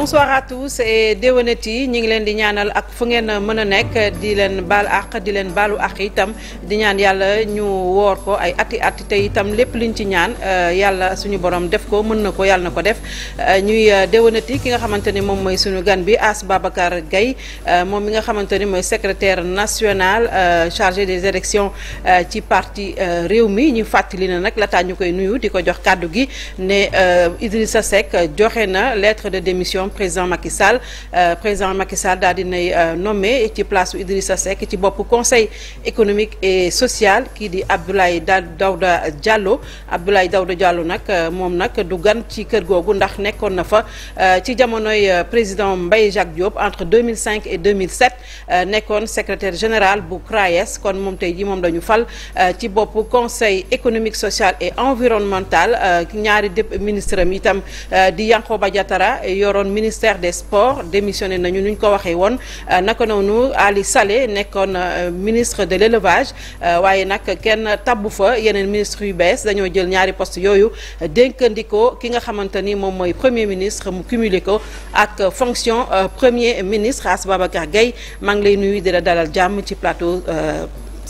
bonsoir à tous et déwénati ñi ngi leen di ñaanal ak fu ngeen mën a nekk di leen baal àq di leen baalu àq itam di ñaan yàlla ñu woor ko ay ati ati te itam lépp liñ ci ñaan euh, yàlla suñu borom def ko mën na ko yàlla na ko def euh, ñuy euh, déwénati ki nga xamante ni moom mooy suñu gan bi As Babacar Gaye moom mi nga xamante ni mooy secrétaire national chargé des élections ci parti réew mi ñu fàttali na nag lataa ñu koy nuyu di ko jox kàddu gi ne Idrissa Seck joxe na lettre de démission moom président Macky Sall euh, président Macky Sall daal dinay euh, nommé ci place bu Idrissa Seck ci bopp conseil économique et social kii di Abdoulaye Daouda Diallo Abdoulaye Daouda jàllo nag euh, moom nag du gan ci kër googu ndax nekkoon na fa ci jamonoy président Mbaye Jacques Diop entre 2005 et 2007 nekkoon secretaire général bu CRAES kon moom tey jii moom dañu fal ci bopp conseil économique social et environnemental ñaari ministre am itam di Yankhoba Diattara yoroon ministère des sports démissionné nañu nu ñu ko waxee woon euh, naka noonu Ali Saleh nekkoon euh, ministre de élevage euh, waaye nag kenn tabbu fa yeneen ministre yu bees dañoo jël ñaari poste yooyu dénkandikoo ki nga xamante ni moom mooy premier ministre mu cumulé ko ak fonction premier ministre As Babacar Gueye maa ngi lay nuyu di la dalal jàmm ci plateau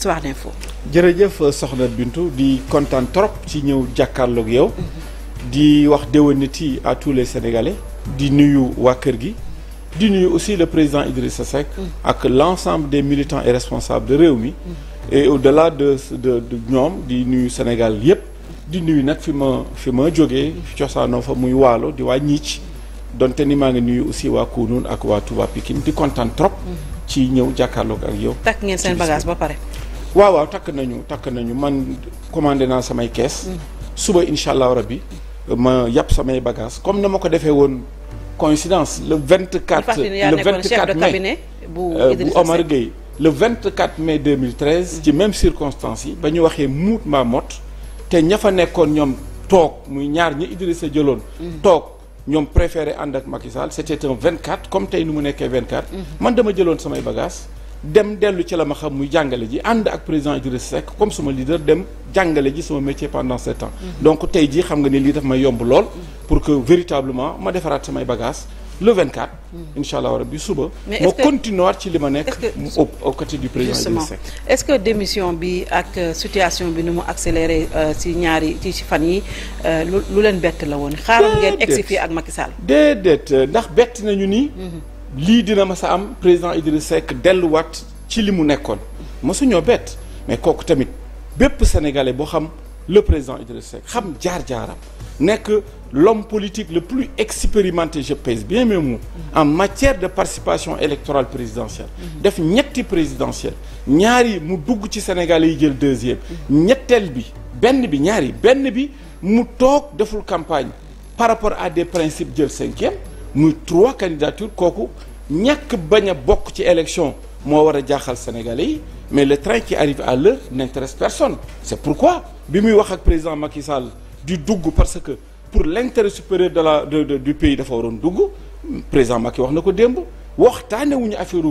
Soir d'info. jërëjëf soxna Bintu di kontaan trop ci ñëw jàkkaarloog yow. Mm-hmm. di wax déwéniti à tous les Sénégalais. di nuyu waa kër gi di nuyu aussi le président sa Seck mm. ak l'ensemble des militants et responsable de Rewmi mm. et au-delà de de ñoom di nuyu Sénégal yépp di nuyu nag fi ma fi ma jógee fi mm. cosaanoo fa muy waalo di waa ñiic donte ni maa ngi nuyu aussi waa Kounoune ak waa Touba Pikine di kontaan trop ci ñëw jàkkaarloog ak yow takk ngeen seen bagage ba pare waaw waaw takk nañu takk nañu man commandé naa samay kees suba incha allah rabbi ma yàpp samay bagages comme na ma ko defee woon coïncidence le vingt 24 le 24 mai bu euh, Omar Gueye le 24 mai 2013 ci même circonstance yi ba ñu waxee muut mbaa mot te ña fa nekkoon ñoom toog muy ñaar ñi sa jëloon mhm. toog ñoom préféré ànd ak Macky Sall c'était un 24 comme tey nu mu nekkee 24 mhm. man dama jëloon samay bagages dem dellu ci la ma xam muy jàngale ji ànd ak président Idrissa Seck comme sama leader dem jàngale ji sama métier pendant sept ans. Mhm. donc tey jii xam nga ni lii daf may yomb lool. pour que véritablement ma defaraat samay bagages le 24. incha a bi suba. mais moo ci li ma nekk. au au côté du président Idrissa Seck. est-ce que démission bi ak euh, situation bi nu mu accéléré si euh, ñaari ci fan yi euh, lu leen bett la woon. xaaral ngeen egsi fii ak Macky Sall. déedéet ndax bett nañu ni. Mhm. lii dina mas a am président Idrissa Seck delluwaat ci li mu nekkoon mosuñoo bett mais kooku tamit bépp sénégalais boo xam le président Idrissa Seck xam jaar-jaaram nekk l'homme politique le plus expérimenté je pèse bien mes mots en matière de participation électorale présidentielle def ñetti présidentielle ñaari mu dugg ci sénégalais yi jël deuxième ñetteel bi benn bi ñaari benn bi mu toog deful campagne par rapport à des principes jël cinquième muy trois candidatures kooku ñàkk bañ a bokk ci élection moo war a jaaxal sénégalais yi mais le train qui arrive à l'heure n'intéresse personne c'est pourquoi bi muy wax ak président Macky Sall di dugg parce que pour l'intérêt supérieur de la de, de, du pays dafa waroon dugg président Macky wax na ko démb wax wuñu affaire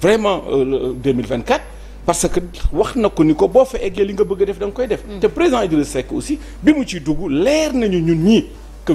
vraiment euh, 2024 euh, parce que wax na ko ni ko boo fa eggee li nga bëgg a def da nga koy def mm. te président Idriss Seck aussi bi mu ciy dugg leer nañu ñun ñii que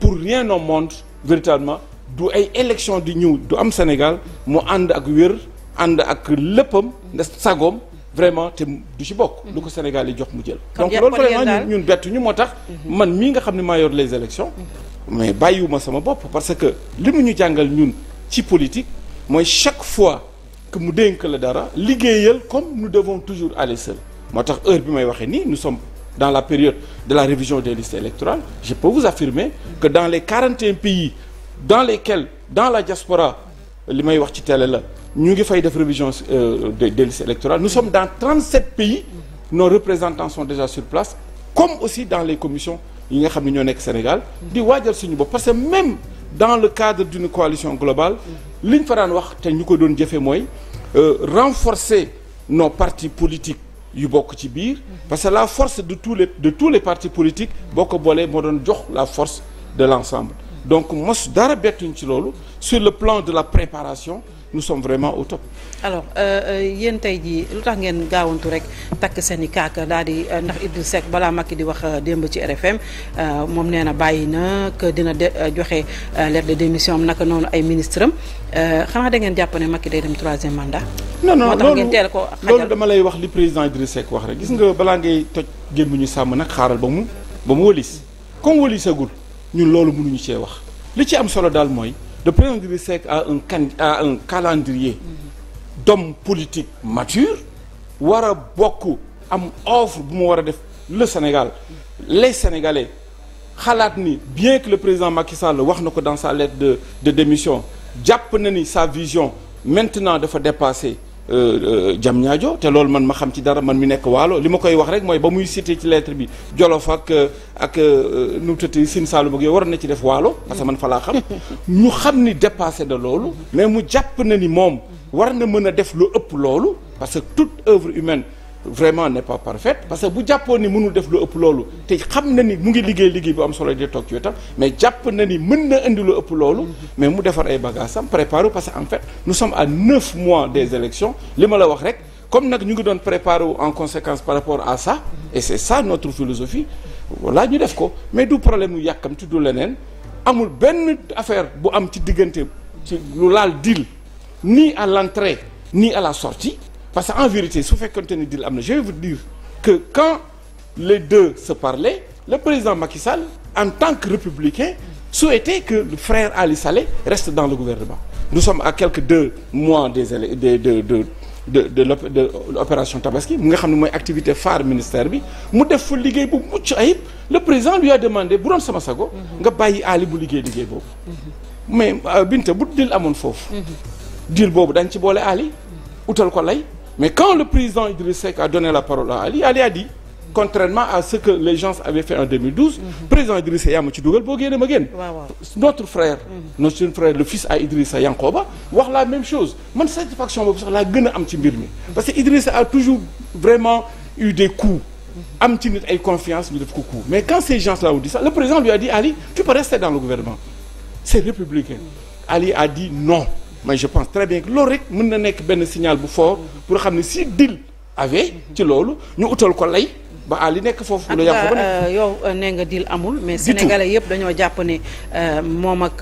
pour rien au monde véritablement du ay élection di ñëw du am Sénégal mu ànd ak wér ànd ak léppam nda sagoom vraiment te du ci bokk mm-hmm. lu ko Sénégal yi jox mu jël donc loolu vraiment ñun bettu ñu moo tax mm-hmm. man mii nga xam ne maa yor les élections mm-hmm. mais bàyyiwuma sama bopp parce que li mu ñu jàngal ñun ci politique mooy chaque fois que mu dénk la dara liggéeyal comme nous devons toujours aller seul moo tax heure bi may waxee nii nous sommes dans la période de la révision des listes électorales je peux vous affirmer que dans les 41 pays dans lesquels dans la diaspora li may wax ci télé la ñu ngi fay def révision euh, des listes électorales nous sommes dans 37 pays nos représentants sont déjà sur place comme aussi dans les commissions yi nga xam ne ñoo nekk Sénégal di waajal suñu bopp parce que même dans le cadre d'une coalition globale li ñu fa wax te ñu ko doon jëfe mooy euh, renforcer nos partis politiques yu bokk ci biir parce que la force de tous les de tous les partis politiques boo ko boolee moo doon jox la force de l'ensemble donc mos dara bettuñ ci loolu sur le plan de la préparation nous sommes vraiment au top. alors euh, euh, yéen tey jii lu tax ngeen gaawantu rek takk seen i kaaka daal di euh, ndax Idriss Seck balaa Macky di wax démb ci RFM moom nee na bàyyi na dina de joxe lettre de démission am naka noonu ay ministre am xanaa da ngeen jàpp ne Macky day dem troisième mandat. non non loolu loolu dama lay wax li président Idriss Seck wax rek gis nga balaa ngay toj gémmiñu sàmm nag xaaral ba mu ba mu wëlis comme wëlisagul ñun loolu mënuñu cee wax li ci am solo daal mooy. le président Idriss Seck a un can a un calendrier d'hommes politiques matures war a bokk am offre bu mu war a def le Sénégal les Sénégalais xalaat ni bien que le président Macky Sall wax na ko dans sa lettre de de démission jàpp na ni sa vision maintenant dafa dépasser jam euh, euh, ñaajo te loolu man ma xam ci dara man mi nekk waalo li ma koy wax rek mooy ba muy cité ci lettre bi Jolof ak euh, ak nu mu tëddee Sine Saalum ak yow war na ci def waalo parce que man falaa xam ñu xam ni dépassé na loolu mais mu jàpp na ni moom war na mën a def lu ëpp loolu parce que tout œuvre humaine vraiment n'est pas parfaite parce que bu jàppoo ni mënul def lu ëpp loolu te xam na ni mu ngi liggéey liggéey bu am solo di tam ci wetam mais jàpp na ni mën na indi lu ëpp loolu mais mu defar ay bagages am préparé parce que en fait nous sommes à neuf mois des élections li ma la wax rek comme nag ñu ngi doon préparé wu en conséquence par rapport à ça et c'est ça notre philosophie voilà ñu def ko mais du problème mu yàkkamti du leneen amul benn affaire bu am ci diggante ci lu laal deal ni à l'entrée ni à la sortie parce que en vérité su fekkonte ni deal am na je vais vous dire que quand les deux se parlaient le président Macky Sall en tant que républicain souhaitait que le frère Ali Saleh reste dans le gouvernement nous sommes à quelques deux mois des des de de de de de l'opération Tabaski mu nga xam ne mooy activité phare ministère bi mu def fa liggéey bu mucc ayib le président lui a demandé bu doon sama sago nga bàyyi Ali bu liggéey liggéey boobu mais euh, Binta bu dil amoon foofu mhm. dil boobu dañ ci boole Ali utal ko lay Mais quand le président Idriss Seck a donné la parole à Ali, Ali a dit, contrairement à ce que les gens fait en 2012, mhm. président Idriss Seck yaa ma ci dugal boo génne notre mhm. frère. le fils à Idrissa Yankoba wax la même chose man satisfaction boobu sax laa gën a am ci mbir mi. Mhm. parce que Idrissa a toujours vraiment eu des coups. am ci nit ay confiance ñu def ko coup mais quand ces gens là ont dit ça le président lui a Ali tu peux rester dans le gouvernement c'est mais je pense très bien que loolu rek mun na nekk benn signal bu fort pour xam ne si deal avait ci loolu ñu utal ko lay ba à li nekk foofu. lu yàqu ba nekk euh, yow euh, nee nga deal amul. mais sénégalais yëpp dañoo jàpp ne euh, moom ak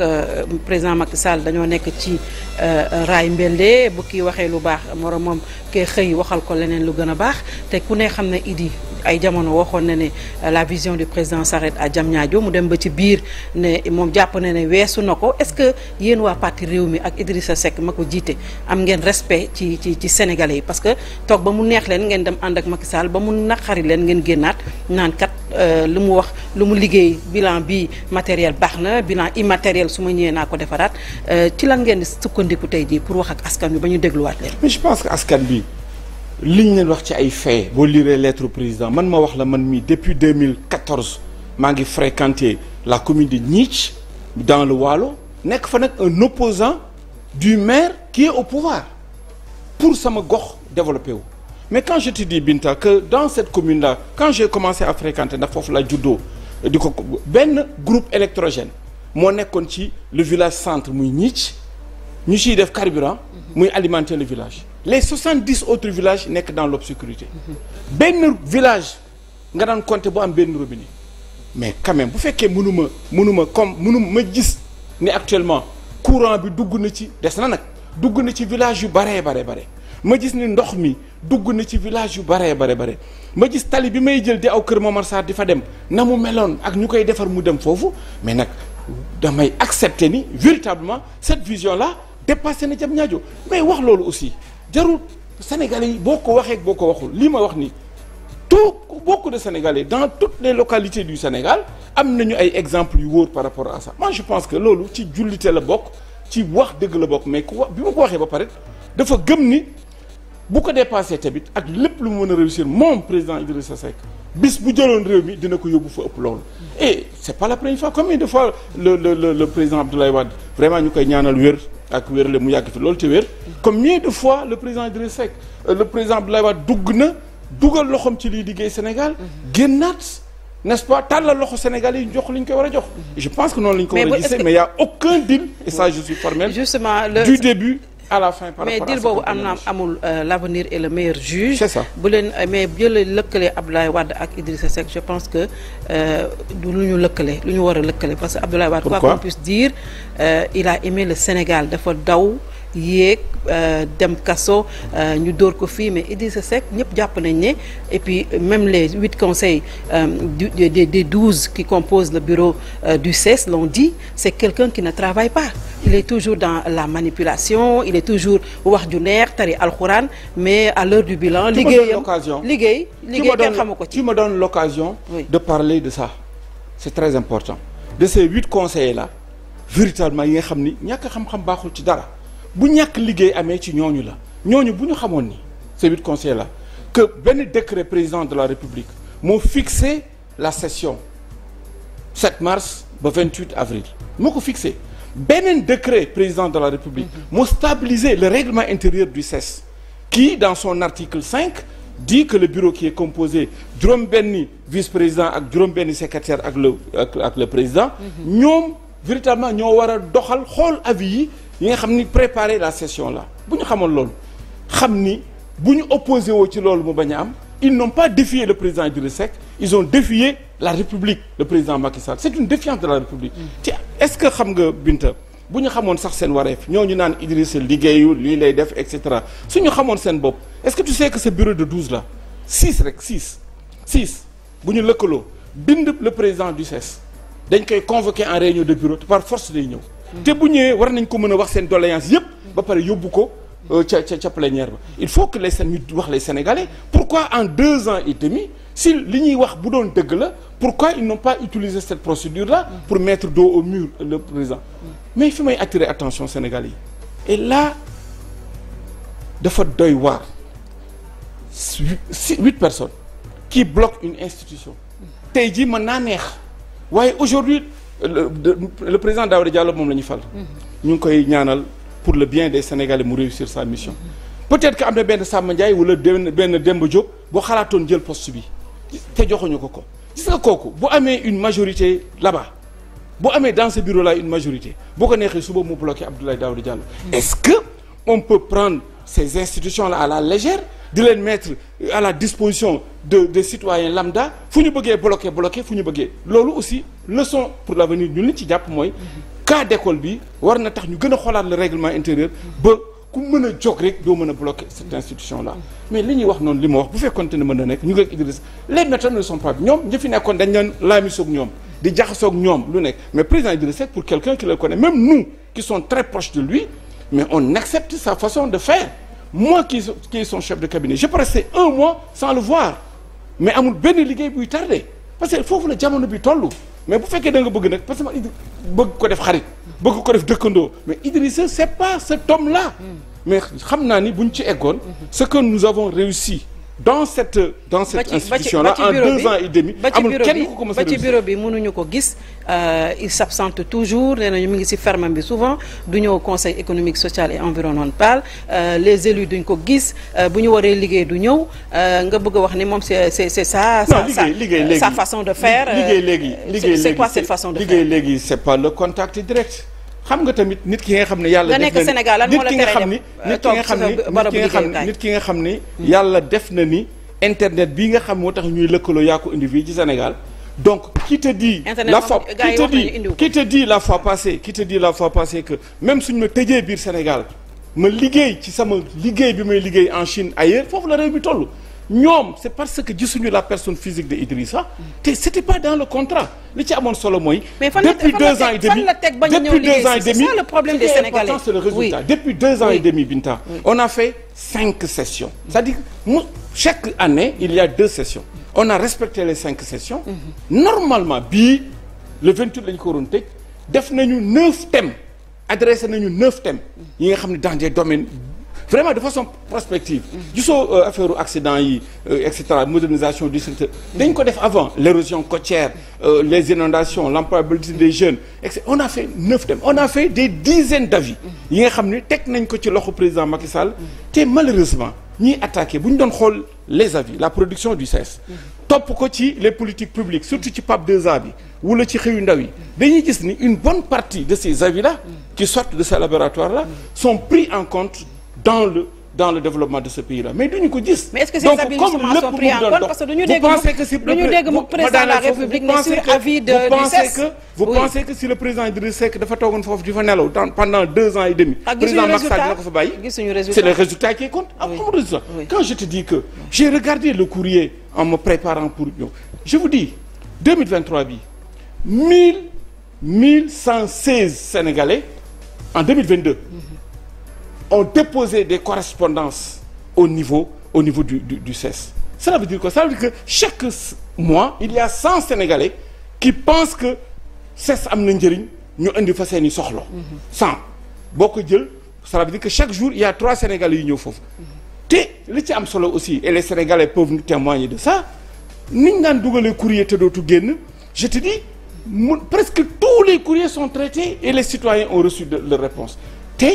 président Macky Sall dañoo nekk ci raay mbënde bu kii waxee lu baax moroom moom kee xëy waxal ko leneen lu gën a baax te ku ne xam ne Idi ay jamono waxoon na ne euh, la vision du président s'arrête jam Diamniadio mu dem ba ci biir ne moom jàpp na ne weesu na ko est-ce que yéen waa parti réew mi ak Idrissa Seck ma ko jiite am ngeen respect ci ci ci Sénégalais yi parce que toog ba mu neex leen ngeen dem ànd ak Macky Sall ba mu naqari leen ngeen génnaat naan kat euh, lu mu wax lu mu liggéey bilan bi matériel baax na bilan immatériel su ma ñëwee naa ko defaraat euh, ci lan ngeen di sukkandiku tey jii pour wax ak askan bi ba ñu dégluwaat que askan bi. li ñu leen wax ci ay faits boo liree lettre président man ma wax la man mii depuis 2014 maa ngi fréquenté la commune de Niitch dans le Waalo nekk fa nag un opposant du maire qui est au pouvoir pour sama gox développé wu mais quand je te dis Binta que dans cette commune là quand j'ai commencé à fréquenter ndax foofu la juddoo di ko benn groupe électrogène moo nekkoon ci le village centre muy Niitch ñu ciy def carburant muy alimenter le village les soixante dix autres villages nekk dans l'obscurité benn village nga daan compter bu am benn robinet mais quand bu fekkee mënuma mënuma comme mënuma ma gis ni actuellement courant bi dugg na ci des na nag dugg na ci village yu baree bare bare ma gis ni ndox mi dugg na ci village yu baree bare bare ma gis tali bi may jël di aw kër Momar Sarr di fa dem na mu meloon ak ñu koy defar mu dem foofu mais nag damay accepter ni véritablement cette vision là dépassé na jam ñaajo mais wax loolu aussi jarul Sénégalais yi boo ko waxee boo ko waxul lii ma wax nii tout bokk de Sénégalais dans toutes les localité du Sénégal am nañu ay exemples yu wóor par rapport à sa moi je pense que loolu ci jullite la bokk ci wax dëgg la bokk mais ku wax bi ma ko waxee ba pare dafa gëm ni. bu ko dépassé tamit ak lépp lu mu mën a réussir moom président Idrissa Seck bis bu jëloon réew mi dina ko yóbbu fa ëpp loolu. et c' est pas la première fois combien de fois le président Abdoulaye vraiment ñu koy ñaanal wér ak wérle mu yàgg fi loolu te wér. combien de fois le président Idrissa Seck euh, le président Abdoulaye Wade dugg na dugal loxoom ci liy liggéey Sénégal. génnaat n'est-ce pas tàllal loxo Sénégal yi jox li ñu koy war a jox. je pense que noonu la ko war a gisee mais à la mais deal boobu am na amul euh, l' avenir et le meilleur juge. bu leen euh, mais jëlee lëkkale Abdoulaye Wade ak Idrissa Seck je pense que euh, du lu ñu lëkkale lu ñu war a lëkkale parce que Abdoulaye Wade. quoi qu'on puisse dire il a aimé Sénégal dafa daw. yéeg euh, dem kaso euh, ñu door ko fii mais Idrissa Seck ñëpp jàpp nañ ne et puis euh, même les huit conseils du des douze qui compose le bureau du CES l'ont dit c'est quelqu'un qui ne travaille pas il est toujours dans la manipulation il est toujours wax ju neex tari alxuraan mais à l'heure du bilan liggéeyam liggéey liggéey kenn xamu ko ci tu me donnes l'occasion de parler de ça c'est très important de ces huit conseillers là véritablement yi nga xam ni ñàkk xam-xam baaxul ci dara bu ñàkk liggéey amee ci ñooñu la ñooñu bu ñu xamoon ni ces huit conseillers là que benn décret président de la république moo fixé la session 7 mars ba 28 avril moo ko fixé beneen décret président de la république mhm. moo stabilisé le règlement intérieur du CESE qui dans son article 5 dit que le bureau qui est composé juróom benni vice-président ak juróom benni secrétaire ak le ak le président mhm. ñoom véritablement ñoo war a doxal xool avis yi yi nga xam ni préparer la session la bu ñu xamoon loolu xam ni bu ñu opposé woo ci loolu mu bañ a am ils n'ont pas défié le président Idrissa Seck ils ont défié la République le président Macky Sall c'est une défiance de la République ci mm. est-ce que xam nga Binta bu ñu xamoon sax seen wareef ñu naan Idrissa liggéeyul lii lay def et cetera su ñu xamoon seen bopp est-ce que tu sais que bureau de douze là six rek six six bu ñu lëkkaloo bind le président du CES e dañ koy convoquer en réunion par force day ñëw te bu ñëwee war nañ ko mën a wax seen doléance yépp ba pare yóbbu ko euh, ca ca ca plénière ba il faut que les ñu wax les sénégalais pourquoi en deux ans et demi si li ñuy wax bu doon dëgg la pourquoi ils n'ont pas utilisé cette procédure la pour mettre dos au mur le président mais fi may attirer attention sénégalais yi et dafa doy waar si huit personnes qui bloquent une institution tey jii mën naa neex waaye aujourd'hui le le président Daouda Diallo moom la ñu fal. ñu ngi koy ñaanal pour le bien des Sénégalais mu réussir sa mission. peut-être que am na benn Samba wala benn benn Demba Diop boo xalaatoon jël poste bi te joxuñu ko ko gis kooku bu amee une majorité là-bas bu amee dans ce bureau là une majorité boo ko neexee suba mu bloqué Abdoulaye Daouda Diallo. Mm. est-ce que on peut prendre ces institutions la à la légère. di leen mettre à la disposition de des citoyens lambda fu ñu bëggee bloquer bloquer fu ñu bëggee loolu aussi leçon pour l'avenir ñu liñ ci jàpp mooy cas d'école bi war na tax ñu gën a xoolaat le règlement intérieur ba ku mën a jóg rek doo mën a bloquer cette institution là mais li ñuy wax noonu li ma wax bu fekkoonte ne mën na nekk ñu ngi ak Idriss les méthodes ne sont pas ñoom ñi fi nekkoon dañ leen laamisoog ñoom di jaxasoog ñoom lu nekk mais président Idriss Seck pour quelqu'un qui le connaît même nous qui sommes très proches de lui mais on accepte moi qui qui est son chef de cabinet je peux rester un mois sans le voir mais amul benn liggéey buy tardé parce que foofu la jamono bi toll mais bu fekkee da nga bëgg nag parce que ma bëgg ko def xarit bëgg ko def dëkkandoo mais Idrissa c'est pas cet homme-là hmm. mais xam naa ni bu buñ ci eggoon hmm. ce que nous avons réussi dans cette dans cette institution là en deux ans et demi amul kenn ku ko mos a ba ci bureau bi mënuñu ko gis euh, il s'absente toujours nee nañu mu ngi ci fermam bi souvent du ñëw conseil économique social et environnemental euh, les élus duñ ko gis euh, bu ñu waree liggéey du ñëw nga bëgg a wax ni moom c'est c'est c'est ça sa sa façon de faire léegi liggéey léegi c'est quoi cette façon de faire liggéey léegi c'est pas le contact direct xam nga tamit nit ki nga xam ne yàlla def na ni nit ki nga xam ni nit ki nga xam nit ki nga xam ni yàlla def na ni internet bii nga xam moo tax ñuy lëkkaloo yaa ko indi fii ci Sénégal donc qui te dit la fois qui te dit qui te la fois passée qui te la fois passée que même suñ ma tëjee biir Sénégal ma liggéey ci sama liggéey bi may liggéey en Chine ailleurs foofu la réew mi toll ñoom c'est parce que jisuñu la personne physique de Idrissa te c'était pas dans le contrat li ci amoon solo mooy. depuis deux ans et demi depuis deux ans et demi le Binta on a fait cinq sessions chaque année il y a deux sessions on a respecté les cinq sessions mhm. normalement bi le 28 lañu ko waroon tëj def nañu neuf thèmes adressé nañu neuf thèmes yi nga xam ne dans des domaines vraiment de façon prospective gisoo euh, affaire accident yi euh, et cetera modernisation du secteur dañ ko def avant l'érosion côtière euh, les inondations l'employabilité des jeunes etc on a fait neuf thèmes on a fait des dizaines d'avis yi nga xam ne teg nañ ko ci loxo président Macky Sall te malheureusement ñiy attaqué bu ñu doon xool les avis la production du CES topp ko ci les politiques publiques surtout ci PAP 2A bi wala ci xëyu ndaw yi dañuy gis ni une bonne partie de ces avis là qui sortent de ce laboratoire là sont pris en compte dans le dans le développement de ce pays-là mais duñu ko gis. mais est-ce que ces aménagements sont pris en compte vous pensez que si le président Idriss Seck dafa toogoon foofu di fa nelaw pendant deux ans et demi. Ah, président Macky Sall dina ko fa bàyyi. c'est le résultat qui ah, compte. am quand je te dis que j'ai regardé le courrier en me préparant pour ñëw je vous dis Sénégalais en ont déposé des correspondances au niveau au niveau du du du CES. Cela veut dire quoi? Cela veut dire que chaque mois il y a cent Sénégalais qui pensent que CES am na njëriñ ñu indi fa seeni soxla. Mhm. cent boo ko jël cela veut dire que chaque jour il y a trois Sénégalais yu ñëw foofu. Mhm. te li ci am solo aussi et les Sénégalais peuvent nous témoigner de ça niñ daan dugalee courrier te dootu génn je te dis mu presque tous les courriers sont traités et les citoyens ont reçu de leur réponse te.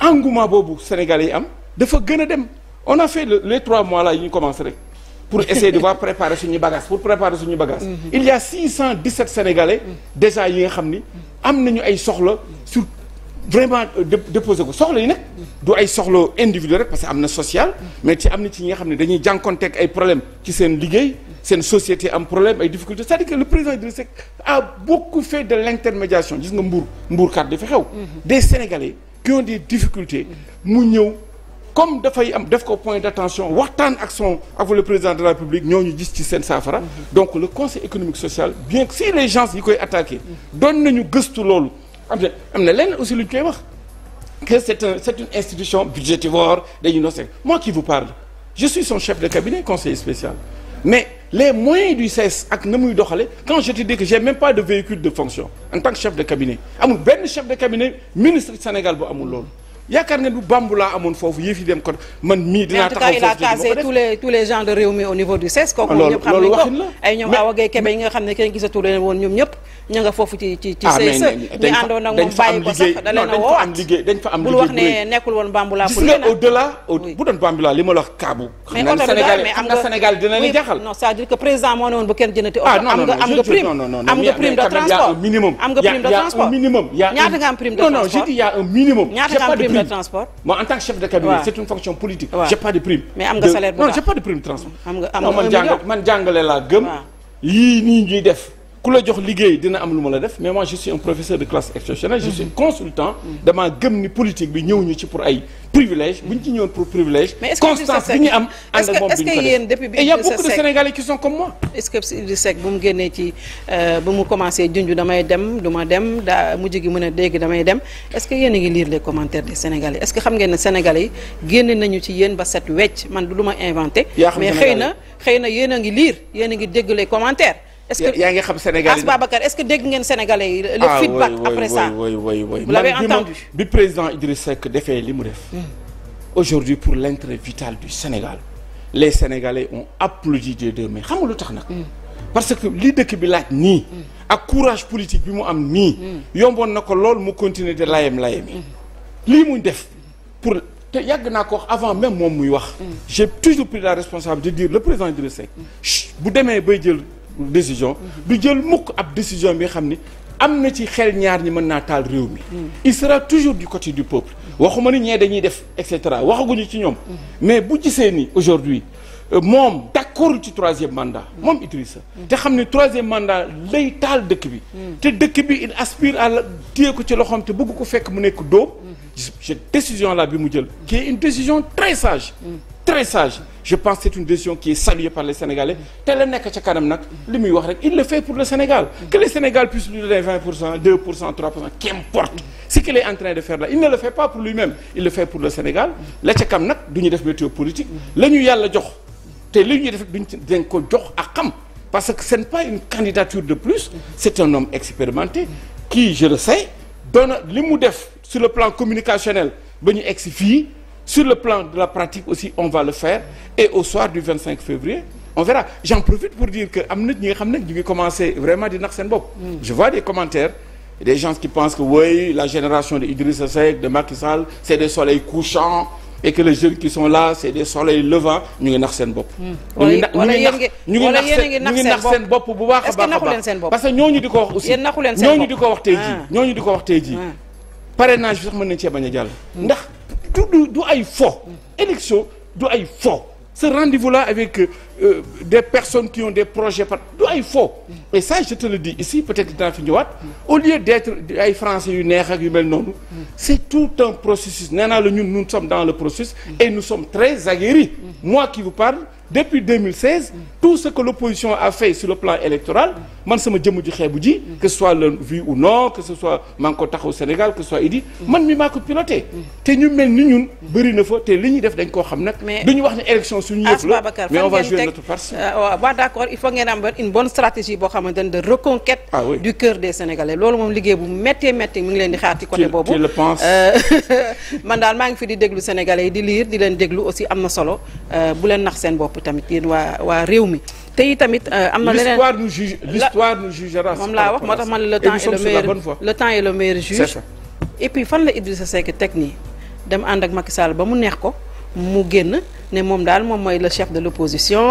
engouement boobu Sénégalais yi am dafa gën a dem on a fait les trois mois là yi ñu commencé rek pour essayer de voir préparer suñu bagage pour préparer suñu bagage mhm. il y a six cent dix-sept Sénégalais mhm. déjà yi nga xam ni am nañu ay soxla sur vraiment euh, déposer ko soxla yi nag du ay soxla individuel rek parce que am na social mais ci am na ci ñi nga xam ne dañuy jànkonteeg ay problème ci seen liggéey seen société am problème ay difficultés c'est-à-dire que le président Idrissa Seck a beaucoup nga mbuur mbuur kat dafa xew mhm. des Sénégalais qui des difficultés mu ñëw comme dafay am def ko point d'attention waxtaan ak son ak le président de la République ñoo ñu gis ci seen saafara donc le conseil économique social bien que si les gens yi koy attaqué doon nañu gëstu loolu am na am na lenn aussi lu ñu koy wax que c'est un c'est une institution budgétivore dañu noose moi qui vous parle je suis son chef de cabinet conseil spécial mais les moyens du CES ak na muy doxale quand je te dis j'ai même pas de véhicule de fonction en tant que chef de cabinet amul benn chef de cabinet ministre Sénégal bu amul loolu yaakaar nga du bambu laa amoon foofu yëf dem kon man mii dinaa taxaw foofu en tout a casé tous les tous les gens de réew mi au niveau du CES kooku ñëpp xam nañ ay ñoom Awa Gueye Kébé yi nga xam ne kenn gisatu leen woon ñoom ñëpp ña foofu ci ci ci ah, CES ñu àndoon ak moom bàyyi ko sax da leen a bu doon bambu li ma la kaabu xam nga Sénégal dina leen jaxal non cest dire que président moo ne woon bu kenn jëndati oto ah, am am nga prime de transport am nga prime prime de prime. mais am de prime transport. am man jàng man gëm. yii nii ñuy def. ku la jox liggéey dina am lu ma la def mais moi je suis un professeur de classe exceptionnelle je suis mhm. consultant damaa gëm ni politique bi ñëw ñu ci pour ay privilège bu ñu ci ñëwoon pour privilège constance bi ñu am ànd ak a bu mu génnee ci euh, bu mu commencé junj damay dem du ma dem daa mujj gi mën a dégg damay dem est-ce yéen ngi lire les commentaires des Sénégalais est-ce que xam ngeen ne Sénégalais yi génn nañu ci yéen ba set wecc man du lu ma inventé mais xëy na xëy na yéen a ngi lire yéen a ngi dégg les est-ce que yaa ngi xam Sénégal yi Babacar est-ce que dégg ngeen Sénégalais yi. le ah, feedback après ça vous l'avez entendu bi président Idriss Seck defee li mu def. Hmm. aujourd'hui pour l'intérêt vital du Sénégal les Sénégalais ont applaudi des deux mains xam nga lu tax nag. Hmm. parce que li dëkk bi laaj nii. Hmm. ak courage politique bi mu am nii. yomboon na ko lool mu continuer de layam layam yi. lii muy def pour te yàgg naa ko wax avant même moom muy wax. j'ai toujours pris la responsabilité de dire le président Idriss Seck. bu demee bay jël. décision du jël mukk ab décision bi xam ni am na ci xel ñaar ñi mën naa taal réew mi mm. il toujours du côté du peuple waxuma ni ñee dañuy def et cetera waxaguñu ci ñoom mm. mais bu gisee ni aujourd'hui euh, moom d'accord ci troisième mandat mm. moom Idrissa te xam ne troisième mandat lay taal dëkk bi te dëkk bi il aspire à téye ko ci loxoom te bëgg ko fekk mu nekk dóom décision la bi mu jël qui est une décision très sage très sage je pense c'est une décision qui est saluée par les Sénégalais te la nekk ca kanam nag li muy wax rek il le fait pour le Sénégal que le Sénégal puisse lui donner pour qu'importe ce qu'il est en train de faire là il ne le fait pas pour lui-même il le fait pour le Sénégal la ca kam nag du ñu def météo politique la ñu yàlla jox te li ñuy def duñ dañ ko jox ak xam parce que ce n'est pas une candidature de plus c'est un homme expérimenté qui je le sais doona li mu def sur le plan communicationnel ba ñu egsi fii Sur le plan de la pratique aussi, on va le faire. Et au soir du février, on verra. J'en profite pour dire que am na ñi nga xam ne ñu ngi commencé vraiment di nax seen bopp. Hmm. Je vois des commentaires des gens qui pensent que la génération de Idrissa Seck, de Macky c'est des soleils couchants et que les jeunes qui sont là, c'est des soleils levants, ñu ngi nax seen bopp. Hmm. ñu ngi ñu ngi nax bopp a parce que ñooñu di di ko wax tey jii. Ah. ñooñu di ko wax du du du ay fo. élection du ay fo. ce rendez-vous-là avec euh, des personnes qui ont des projets par du ay fo. et ça je te le dis ici peut-être dinaa fi ñëwaat. au lieu d'être ay français yu neex ak yu mel noonu. c'est tout un processus nee naa la ñun nous sommes dans le processus. et nous sommes très aguerris. moi qui vous parle. depuis 2016 tout ce que l'opposition a fait sur le plan électoral man sama jëmm ji xeebu ji que ce soit le oui ou non que ce soit maa ko taxaw Sénégal que ce soit idi man mi maa ko piloté te ñu mel ni ñun bëri na fa te li ñuy def dañ koo xam nag duñu wax ne élection suñu yëf la mais on va jouer notre part waaw euh, d'accord il faut ngeen am une bonne stratégie boo xamante ne de reconquête ah du cœur des Sénégalais loolu moom liggéey bu méttee méttee mu ngi leen di xaar ci côté boobu euh, man daal maa ngi fi di déglu Sénégalais di lire di leen déglu aussi am na solo euh, bu leen nax seen bopp tamit yéen waa waa réew mi te yi tamit euh, am na leneen l'histoire nous juge l'histoire nous jugera moom laa wax moo tax man le temps est le meilleur le temps est le meilleur juge et puis fan la Idrissa sa teg nii dem ànd ak Macky Sall ba mu neex ko mu génn ne moom daal moom mooy le chef de l'opposition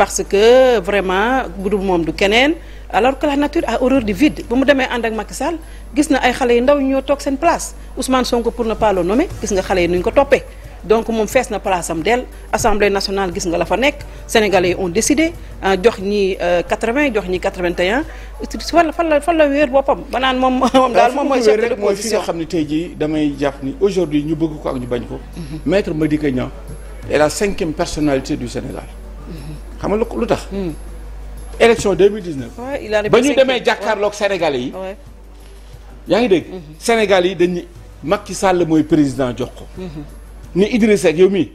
parce que vraiment bu dul moom du keneen alors que nature a horreur du vide ba mu demee ànd ak Macky Sall gis na ay xale yu ndaw ñoo toog seen place Ousmane Sonko pour ne pas le nommer gis nga xale yi nuñ ko toppee donc moom fees na place am dell assemblée nationale gis nga la fa nekk sénégalais yi ont décidé euh, jox ñi 80 euh, jox ñi 81 fan la fan la fan la wéer boppam ba naan moom moom daal moom mooy chef de mooy fi nga xam ne tey jii damay jàpp ni aujourd'hui ñu bëgg ko ak ñu bañ ko mhm. maître Madické Niang est la cinquième personnalité du Sénégal mhm. xam nga lu tax hmm. élection 2019 ba ñu demee jàkkaarloog sénégalais yi yaa ngi dégg mhm. sénégalais yi dañu Macky Sall mooy président jox ko ni Idrissa Seck yow mii.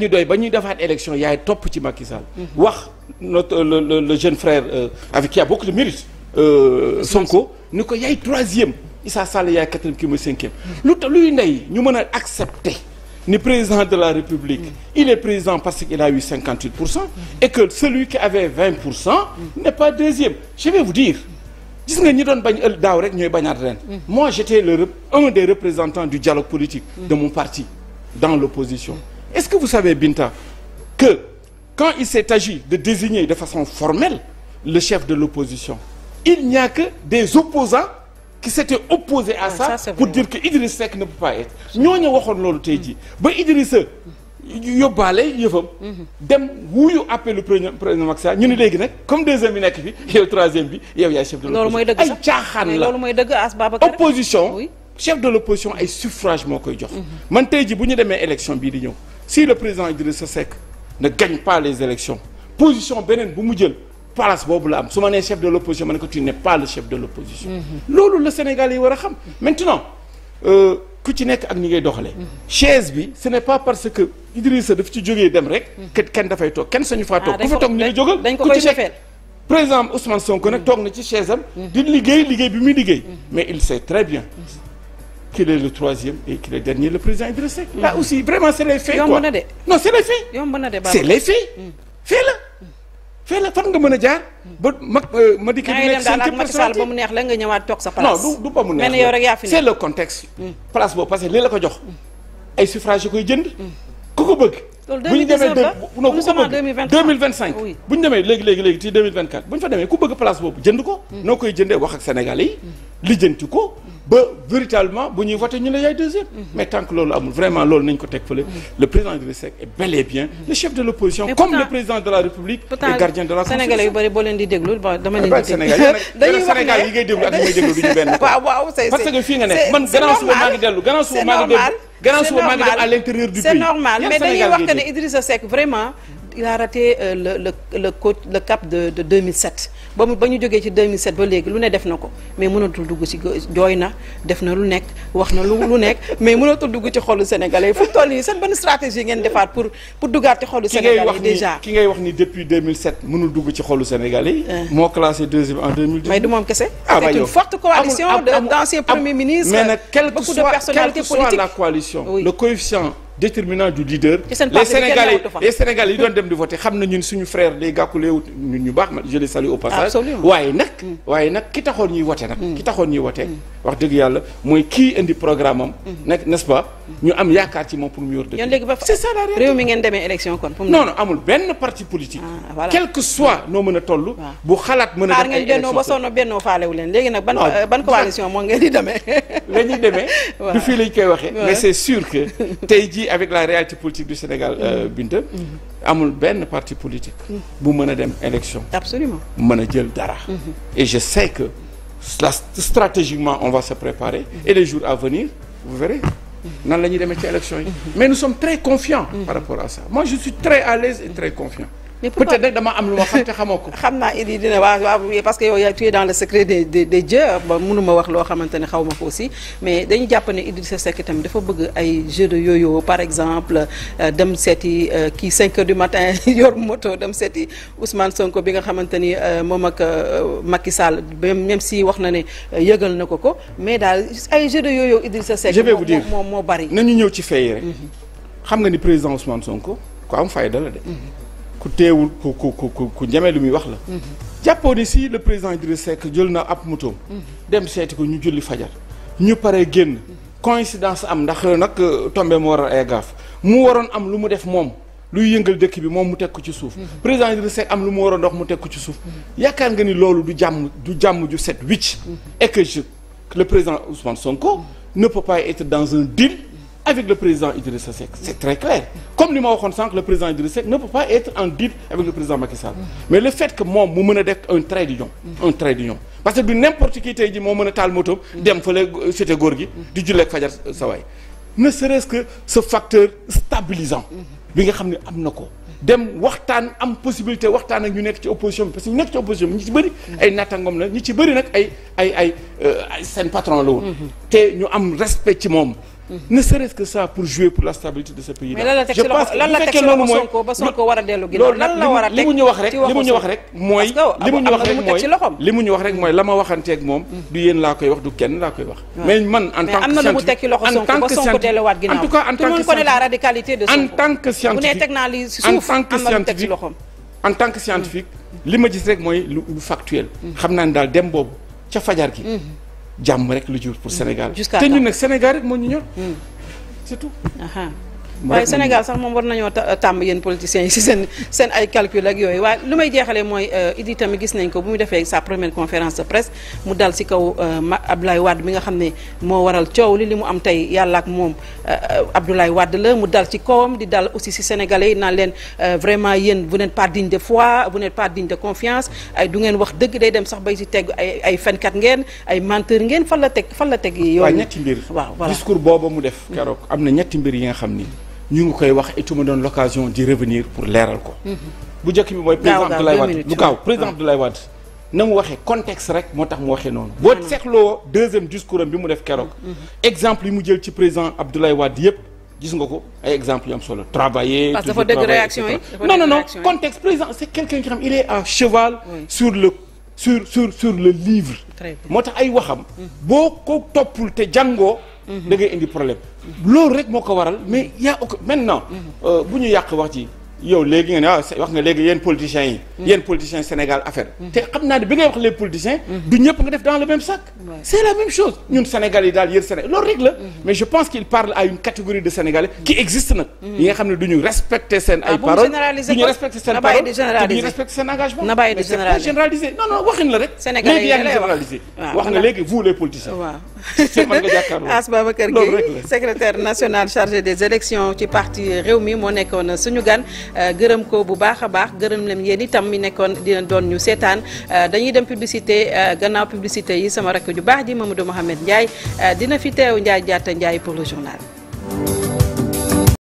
ñu doy ba ñuy defaat élection yaay topp ci Macky Sall. Mhm. wax notre le, le le jeune frère euh, avec qui a beaucoup de mérite. Euh, Sonko ni ko yaay troisième Issa Sall yaay quatrième kii mooy cinquième. lu tax luy ndey ñu mën a accepter. ni président de la République. Mm. il est président parce qu'il a eu cinquante huit pour cent. Mhm. et que celui qui avait pour cent. Mhm. n'est pas deuxième je vais vous dire. gis nga ñi doon bañ ël daaw rek ñooy bañaat ren. moi j'étais le un des représentants du dialogue politique. dans l'opposition est-ce que vous savez Binta que quand il s'est agi de désigner de façon formelle le chef de l'opposition il n'y a que des opposants qui s'étaient opposés à ah, ça pour dire que Idriss Seck ne peut pas être ñooñu waxoon loolu tey jii ba Idriss yóbbaale yëfam dem wuyu appelu premier président Macky Sall ñu ne comme deuxième bi nekk fi yow troisième bi yow yaay chef de l'opposition ay caaxaan la loolu mooy dëgg as Babacar opposition chef de l'opposition ay suffrage moo koy jox. man tey ji bu ñu demee élection bii di ñëw si le président Idrissa Seck ne gagne pas les élections position beneen bu mu jël place boobu la am su ma nee chef de l'opposition ma ne ko tu n'es pas le chef mhm. a xam maintenant. Euh, ku ci nekk ak ñu ngay doxalee. Mhm. chaise bi ce n'est pas parce que Idrissa daf ci jógee dem rek. Mhm. que kenn dafay toog kenn sañu faa ah, toog. ku fa toog ñu ngi jógal ku ci nekk président Ousmane Sonko nag toog na ci chaise am. di liggéey liggéey bi muy liggéey. mais il très bien. qu'il est le troisième et qu'il dernier le président Idrissa Seck. aussi vraiment c'est les faits yomb na de. non c'est les faits. yomb na de fee la. Mm. fan nga mën a jaar. ba mag euh, ma di. nekk seen ci personnalité ba mu neex la nga ñëwaat toog sa place. non du du ba mu mm. boobu parce que lii la ko jox. Mm. ay suffrage yu koy jënd. ku ko bëgg. loolu 2019 la bu ñu demee léegi léegi léegi ci bu ñu fa demee ku bëgg place boobu jënd ko. noo koy jëndee wax ak sénégalais yi. lijjanti ko. ba véritablement bu ñuy voté ñu ne yaay deuxième. Mhm. mais tant que loolu amul vraiment loolu nañ ko teg fële. Mhm. le président Idrissa Seck est bel et bien mhm. le chef de l' comme le président de la République. le gardien de la di déglu dama leen di eh déglu. dañuy wax Sénégal yi ngay ak yi déglu du ñu benn. waaw waaw parce que fii nga ne man gannaaw suba maa dellu gannaaw suba maa dellu. c'est normal mais dañuy wax que ne vraiment il a raté euh, le le le le cap de de 2007 ba mu ba ñu jógee ci 2007 ba léegi lu ne def na ko mais mënatul dugg ci jooy na def na lu nekk wax na lu lu nekk mais mënatul dugg ci xolu sénégalais yi fu mu toll nii seen benn stratégie ngeen defaat pour duggaat ci xolu sénégalais déjà ki ngay wax ni depuis 2007 dugg ci xolu sénégalais euh. moo classé deuxième en 2010. mais du moom kese. ah c'est une forte coalition d'anciens premiers ministres. mais nag quelle que soit quelle la coalition. déterminant du leader. les Sénégalais les Sénégalais yi doon dem di voter xam na ñun suñu frère day gàkku léewut ñun ñu baax ma je les salue au passage. waaye nag. Mm. waaye nag ki taxoon ñuy wote nag. Mm. ki taxoon ñuy wote. Mm. wax dëgg yàlla mooy kii indi programme am. nag n'est-ce pas. ñu am yaakaar ci moom pour mu yor dëkk. léegi ba c'est ça la réalité réew mi ngeen demee élection kon. non non amul benn parti politique. Ah, quel que soit noo mën a toll. bu xalaat mën a. def ay élection ba sonn benn faalewu leen léegi nag. ban euh, ban coalition moo ngeen di demee. la ñuy demee. du fii lañ koy waxee. mais c'est sûr que tey jii avec la réalité politique du Sénégal euh, mm-hmm. Binta. Mm-hmm. amul benn parti politique. Mm-hmm. bu mën a dem élection. absolument mën a jël dara. et je sais que stratégiquement on va se préparer. et les jour à venir vous nan la ñuy demee ci élection yi mais nous sommes très confiants par rapport à ça moi je suis très à l'aise et très confiant mais pourquoi peut-être dama am lu ma xam te xamoo ko. xam naa Idy dina waaw waaw parce que yow yaa tu es dans le secret des des des ba mënuma wax loo xamante ne xaw ma ko aussi mais dañu jàpp ne Idrissa Seck tamit dafa bëgg ay jeux de par exemple euh, dem seeti euh, kii 5 heures du matin yor moto dem seeti Ousmane Sonko bi nga xamante ni euh, moom ak Macky Sall même si wax na ne yëgal na ko ko mais daal ay jeux de yo-yo Idrissa Seck. je vais moo moo bari. nañu ñëw ci fay rek. Mhm. xam nga ni président Ousmane Sonko ko am fayda de. Mhm. ku teewul ku ku ku ku njamee muy wax la. Mhm. jàppoo ni le président Idrissa Seck jël na ab moto. Mhm. dem seeti ko ñu julli fajar. ñu paree génn. Mhm. coïncidence am ndax euh, nag euh, tombé moo waral ay gaaf mu waroon am lu mu def moom luy yëngal dëkk bi moom mu teg ko ci suuf. président Idrissa am lu mu waroon dox mu teg ko ci suuf. yaakaar nga ni loolu du jàmm du jàmm ju set wicc. et que le président Ousmane Sonko ne peut pas dans un deal. avec le président Idrissa Seck c'est très clair comme li ma waxoon sànq le président Idrissa Seck ne peut pas être en deal avec le président Macky mais le fait que moom mu mën a def un trait d'union un trait d'union que du n'importe qui tey ji moo mën a taal moto dem fële cité góor gi di julleeg fajar sa waay ne serait-ce que ce facteur stabilisant bi nga xam ne am na ko dem waxtaan am possibilité waxtaan ak ñu nekk ci opposition bi parce que ñu nekk ci opposition bi ñu la ñu ci bëri nag ay ay ay euh, seen patron la woon mm-hmm. te ñu am respect moom Mm-hmm. ne serait-ce que ça pour jouer pour la stabilité de ce pays mais lan la teg si loxo lan la teg si loxo Sonko ba Sonko war a dellu ginnaaw lan la war a teg li mu ñu wax rek mooy li mu ñu moom mm. du yéen laa koy wax du kenn laa koy wax mm. mais man en tant que scientifique ba Sonko delluwaat ginnaaw en si li ma gis rek mooy lu factuel mm. xam naa ne daal dem boobu ca fajar gi jàmm rek lu jur pour mhm. Sénégal te ñun nag Sénégal rek moo ñu ñor mm. c'est tout. waaye Sénégal sax moom war nañoo tàmb yéen politiciens yi si seen seen ay calcul ak yooyu waaye lu may jeexale mooy euh, Idi tamit gis nañ ko bu mu defee sa première conférence de presse mu dal si kaw euh, Abdoulaye Wade mi nga xam ne moo waral coow li li mu am tey yàlla ak moom euh, Abdoulaye wàdd la mu dal ci kawam di dal aussi si sénégalais yi naan leen vraiment yéen vous n'êtes pas digne de foi vous n'êtes pas digne de confiance ay du ngeen wax dëgg day dem sax bay si tegg ay ay fenkat ngeen ay menteur ngeen fan la teg fan la teg yi yow ñetti mbir waaw voilà discours mu def keroog am na ñetti mbir yi nga xam ni ñu ngi koy wax et tu me donnes l'occasion d'y revenir pour leeral ko. Mhm. bu njëkk bi mooy. président Abdoulaye Wade lu gaaw président ah. Abdoulaye Wade na mu waxee contexte rek moo tax mu waxee noonu. Ah boo seetloo deuxième discours am bi mu def keroog. Mhm. exemple yi mu jël ci président Abdoulaye Wade yëpp gis nga ko ay exemple yu am solo. travailler parce que dafa dëgg réaction yi non non non contexte président c'est quelqu'un qui xam il est à cheval. sur le sur sur le livre. moo tax ay waxam. Mhm. boo ko toppul te jàngoo. Mhm. da ngay indi problème loolu rek moo ko waral mais y a maintenant mhm. euh, bu ñu yàq wax ci yow léegi nga ne waaw ah, wax nga léegi yéen politiciens yi mhm. yéen politiciens Sénégal affaire te xam naa ne bi ngay wax les politiciens du ñëpp nga def dans le même sac c'est la même chose ñun Sénégal yi daal yéen Sénégal loolu rek mais je pense qu'il parle à une catégorie de Sénégalais qui existe nag yi nga xam ne duñu respecter seen ay ah, paroles duñu respecter seen parole duñu respecter seen engagement mais c'est pas généralisé As Babacar Gueye secrétaire national chargé des élections ci parti réew mi moo nekkoon suñu gan euh, gërëm ko bu baax a baax gërëm leen yéen itam mi nekkoon dina doon ñu seetaan euh, dañuy dem publicité euh, gannaaw publicité yi sama rakk ju baax ji Mamadou Mohamed Ndiaye dina fi teew Ndiaye jaata Ndiaye pour le journal